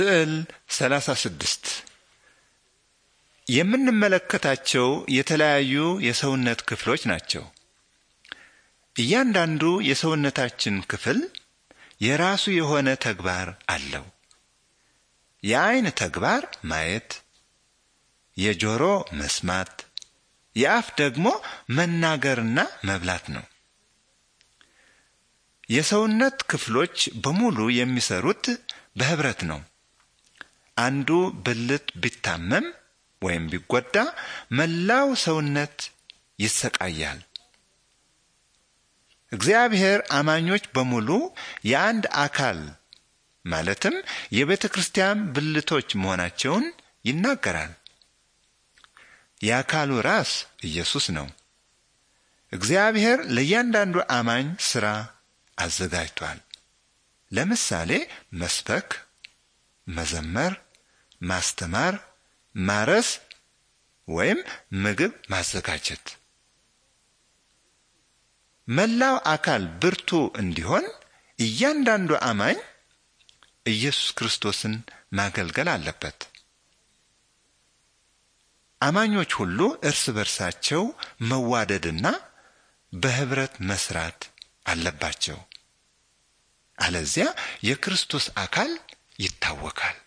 ስዕል 36 የምንመለከታቸው የተለያዩ የሰውነት ክፍሎች ናቸው። እያንዳንዱ የሰውነታችን ክፍል የራሱ የሆነ ተግባር አለው። የአይን ተግባር ማየት፣ የጆሮ መስማት፣ የአፍ ደግሞ መናገርና መብላት ነው። የሰውነት ክፍሎች በሙሉ የሚሰሩት በህብረት ነው። አንዱ ብልት ቢታመም ወይም ቢጎዳ መላው ሰውነት ይሰቃያል። እግዚአብሔር አማኞች በሙሉ የአንድ አካል ማለትም የቤተ ክርስቲያን ብልቶች መሆናቸውን ይናገራል። የአካሉ ራስ ኢየሱስ ነው። እግዚአብሔር ለእያንዳንዱ አማኝ ሥራ አዘጋጅቷል። ለምሳሌ መስበክ፣ መዘመር ማስተማር፣ ማረስ ወይም ምግብ ማዘጋጀት። መላው አካል ብርቱ እንዲሆን እያንዳንዱ አማኝ ኢየሱስ ክርስቶስን ማገልገል አለበት። አማኞች ሁሉ እርስ በርሳቸው መዋደድና በህብረት መስራት አለባቸው። አለዚያ የክርስቶስ አካል ይታወካል።